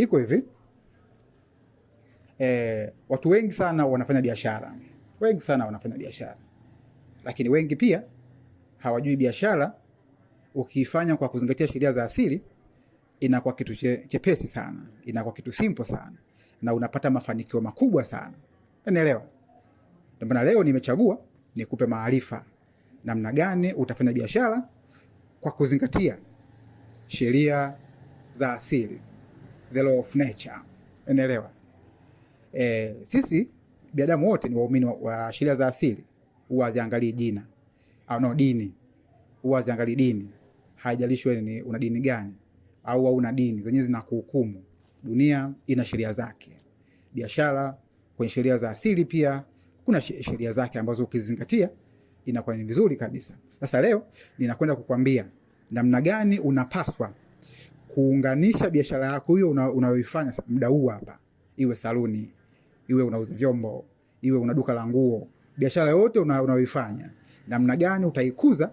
Iko hivi e, watu wengi sana wanafanya biashara, wengi sana wanafanya biashara, lakini wengi pia hawajui biashara, ukiifanya kwa kuzingatia sheria za asili inakuwa kitu chepesi sana, inakuwa kitu simple sana, na unapata mafanikio makubwa sana. Unaelewa? Ndio leo nimechagua nikupe maarifa namna gani utafanya biashara kwa kuzingatia sheria za asili the law of nature. Unaelewa? Eh, sisi binadamu wote ni waumini wa, wa sheria za asili, huwa haziangalii jina au no dini, huwa haziangalii dini, haijalishwe ni una dini gani au hauna dini, zenyewe zinakuhukumu. Dunia ina sheria zake, biashara kwenye sheria za asili pia kuna sheria zake ambazo ukizingatia inakuwa ni vizuri kabisa. Sasa leo ninakwenda kukwambia namna gani unapaswa kuunganisha biashara yako hiyo unayoifanya una muda huu hapa, iwe saluni, iwe unauza vyombo, iwe una duka la nguo, biashara yote unayoifanya una namna gani utaikuza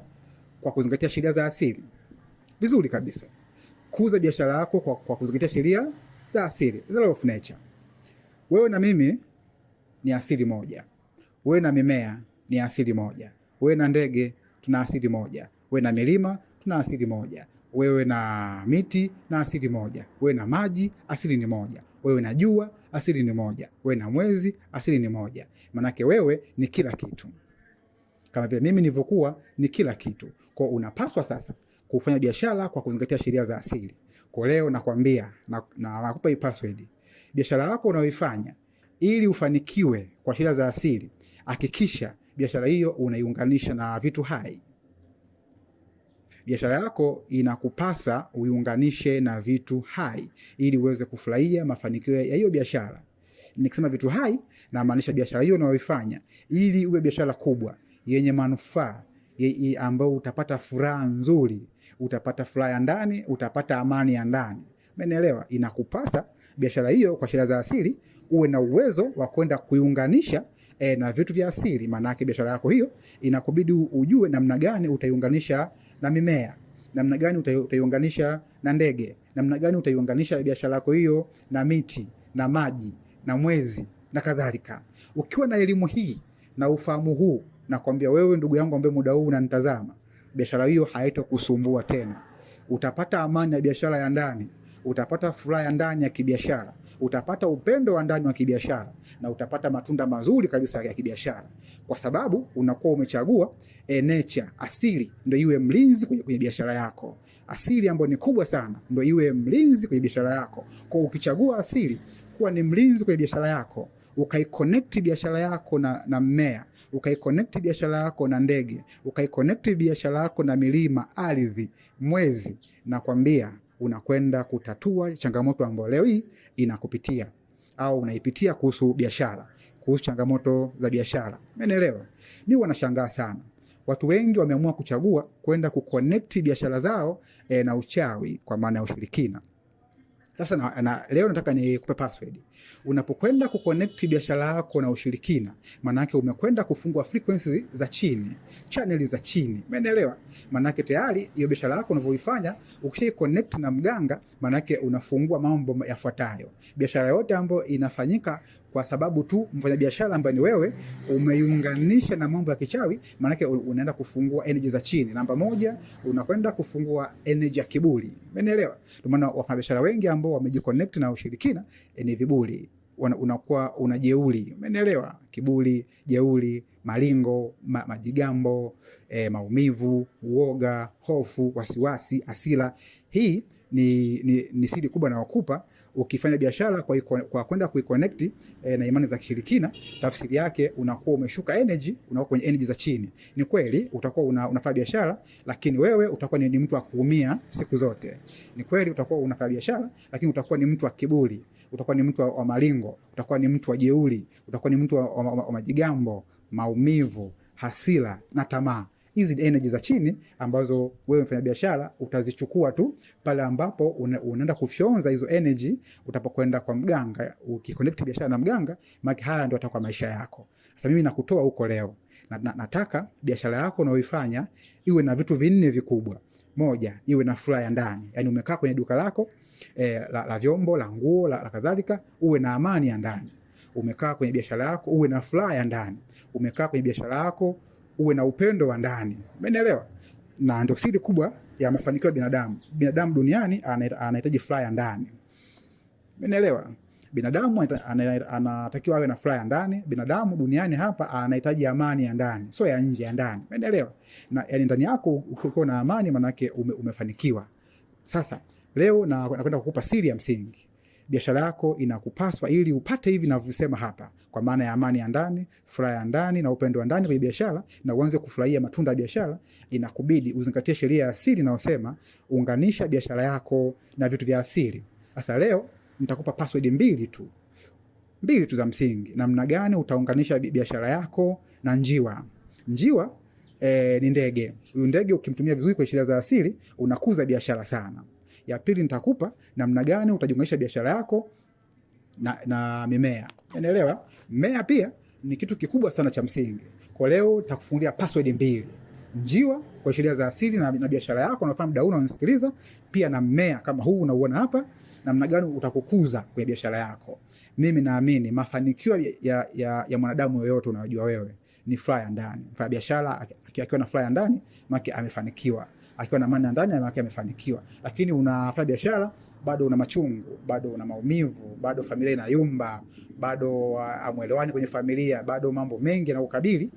kwa kuzingatia sheria za asili. Vizuri kabisa, kuza biashara yako kwa, kwa kuzingatia sheria za asili, the law of nature. Wewe na mimi ni asili moja, wewe na mimea ni asili moja, wewe na ndege tuna asili moja, wewe na milima tuna asili moja, wewe na miti na asili moja, wewe na maji asili ni moja, wewe na jua asili ni moja, wewe na mwezi asili ni moja. Maanake wewe ni kila kitu, kama vile mimi nilivyokuwa ni kila kitu. Kwa unapaswa sasa kufanya biashara kwa kuzingatia sheria za asili. Kwa leo nakwambia na, nakupa hii password. Biashara yako unayoifanya ili ufanikiwe kwa sheria za asili, hakikisha biashara hiyo unaiunganisha na vitu hai biashara yako inakupasa uiunganishe na vitu hai ili uweze kufurahia mafanikio ya hiyo biashara. Nikisema vitu hai, namaanisha biashara hiyo unayoifanya, ili uwe biashara kubwa yenye manufaa ambayo utapata furaha nzuri, utapata furaha ya ndani, utapata amani ya ndani. Umenielewa? Inakupasa biashara hiyo kwa sheria za asili uwe na uwezo wa kwenda kuiunganisha e, na vitu vya asili. Maana yake biashara yako hiyo inakubidi ujue namna gani utaiunganisha na mimea, namna gani utaiunganisha na ndege, namna gani utaiunganisha biashara yako hiyo na miti na maji na mwezi na kadhalika. Ukiwa na elimu hii na ufahamu huu, nakwambia wewe ndugu yangu ambaye muda huu unanitazama, biashara hiyo kusumbua tena. Utapata amani ya biashara ya ndani, utapata furaha ya ndani ya kibiashara utapata upendo wa ndani wa kibiashara na utapata matunda mazuri kabisa ya kibiashara, kwa sababu unakuwa umechagua e, nature asili ndio iwe mlinzi kwenye kwenye biashara yako. Asili ambayo ni kubwa sana ndio iwe mlinzi kwenye biashara yako. Kwa ukichagua asili kuwa ni mlinzi kwenye biashara yako ukaikonekti biashara yako na, na mmea ukaikonekti biashara yako na ndege ukaikonekti biashara yako na milima, ardhi, mwezi, nakwambia unakwenda kutatua changamoto ambayo leo hii inakupitia au unaipitia kuhusu biashara, kuhusu changamoto za biashara. Umeelewa? Mimi wanashangaa sana watu wengi wameamua kuchagua kwenda kuconnect biashara zao e, na uchawi kwa maana ya ushirikina. Sasa na, na, leo nataka ni kupe password. Unapokwenda kuconnect biashara yako na ushirikina, maana yake umekwenda kufungua frequency za chini, channel za chini. Umeelewa? Maana yake tayari hiyo biashara yako unavyoifanya, ukisha connect na mganga, maana yake unafungua mambo yafuatayo. Biashara yote ambayo inafanyika kwa sababu tu mfanyabiashara ambaye ni wewe umeiunganisha na mambo ya kichawi, maana yake unaenda kufungua energy za chini. Namba moja, unakwenda kufungua energy ya kiburi. Umeelewa? Ndio maana wafanyabiashara wengi ambao ambao wamejiconnect na ushirikina eh, ni viburi, unakuwa unajeuri, umeelewa? Kiburi, jeuri, malingo, ma, majigambo, e, maumivu, uoga, hofu, wasiwasi, asira. Hii ni, ni, ni siri kubwa nawakupa ukifanya biashara kwa, kwa kwenda kuiconnect eh, na imani za kishirikina, tafsiri yake unakuwa umeshuka energy, unakuwa kwenye energy za chini. Ni kweli utakuwa una, unafanya biashara lakini wewe utakuwa ni mtu wa kuumia siku zote. Ni kweli utakuwa unafanya biashara lakini utakuwa ni mtu wa kiburi, utakuwa ni mtu wa, wa malingo, utakuwa ni mtu wa jeuri, utakuwa ni mtu wa, wa, wa, wa majigambo, maumivu, hasira na tamaa hizi energy za chini ambazo wewe mfanyabiashara utazichukua tu pale ambapo unaenda kufyonza hizo energy utapokwenda kwa mganga, ukiconnect biashara na mganga, maana haya ndio atakuwa maisha yako. Sasa mimi nakutoa huko leo na, na, nataka biashara yako unaoifanya iwe na vitu vinne vikubwa. Moja, iwe na furaha ya ndani, yani umekaa kwenye duka lako eh, la, la vyombo la nguo la, la kadhalika, uwe na amani ya ndani. Umekaa kwenye biashara yako uwe na furaha ya ndani. Umekaa kwenye biashara yako uwe na upendo wa ndani, Umeelewa? Na ndio siri kubwa ya mafanikio ya binadamu. Binadamu duniani anahitaji furaha ya ndani, Umeelewa? Binadamu anatakiwa awe na furaha ya ndani. Binadamu duniani hapa anahitaji amani ya ndani, sio ya nje, ya ndani, Umeelewa? Na yani ndani yako ukiwa na amani, yake ume, umefanikiwa. Sasa leo nakwenda kukupa siri ya msingi biashara yako inakupaswa ili upate hivi navyosema hapa, kwa maana ya amani ya ndani, furaha ya ndani na upendo wa ndani kwenye biashara, na uanze kufurahia matunda ya biashara, inakubidi uzingatie sheria ya asili inayosema unganisha biashara yako na vitu vya asili. Sasa leo nitakupa password mbili tu, mbili tu za msingi, namna gani utaunganisha biashara yako na njiwa. Njiwa e, ni ndege. Huyu ndege ukimtumia vizuri kwa sheria za asili, unakuza biashara sana ya pili nitakupa namna gani utajumuisha biashara yako na, na mimea. Unaelewa? Mmea pia ni kitu kikubwa sana cha msingi. Kwa leo nitakufungulia password mbili. Njiwa kwa sheria za asili na, na biashara yako nafahamu dau unasikiliza pia na mmea kama huu unauona hapa, namna gani utakukuza kwenye biashara yako. Mimi naamini mafanikio ya, ya, ya mwanadamu yoyote unayojua wewe ni furaha ya ndani. Mfanya biashara akiwa na furaha ya ndani, maana amefanikiwa akiwa na amani ndani, maana yake amefanikiwa. Lakini unafanya biashara, bado una machungu, bado una maumivu, bado familia inayumba, bado ah, amuelewani kwenye familia, bado mambo mengi yanakukabili,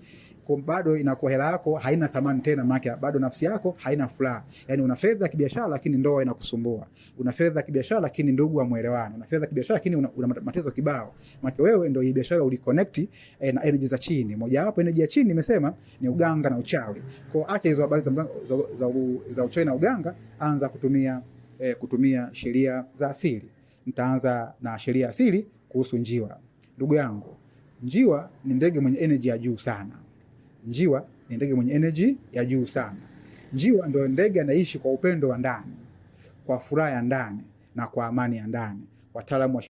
bado inakuwa hela yako haina thamani tena, maana bado nafsi yako haina furaha. Yani una fedha ya kibiashara, lakini ndoa inakusumbua. Una fedha ya kibiashara, lakini ndugu hamuelewani. Una fedha ya kibiashara, lakini una, una matezo kibao. Maana wewe ndio hii biashara uliconnect eh, na energy za chini. Moja wapo energy ya chini nimesema ni uganga na uchawi. Kwa acha hizo habari za, za, za, za uchawi na uganga, anza kutumia eh, kutumia sheria za asili. Nitaanza na sheria asili kuhusu njiwa. Ndugu yangu, njiwa ni ndege mwenye energy ya juu sana. Njiwa ni ndege mwenye energy ya juu sana. Njiwa ndio ndege anaishi kwa upendo wa ndani, kwa furaha ya ndani na kwa amani ya ndani. Wataalamu wa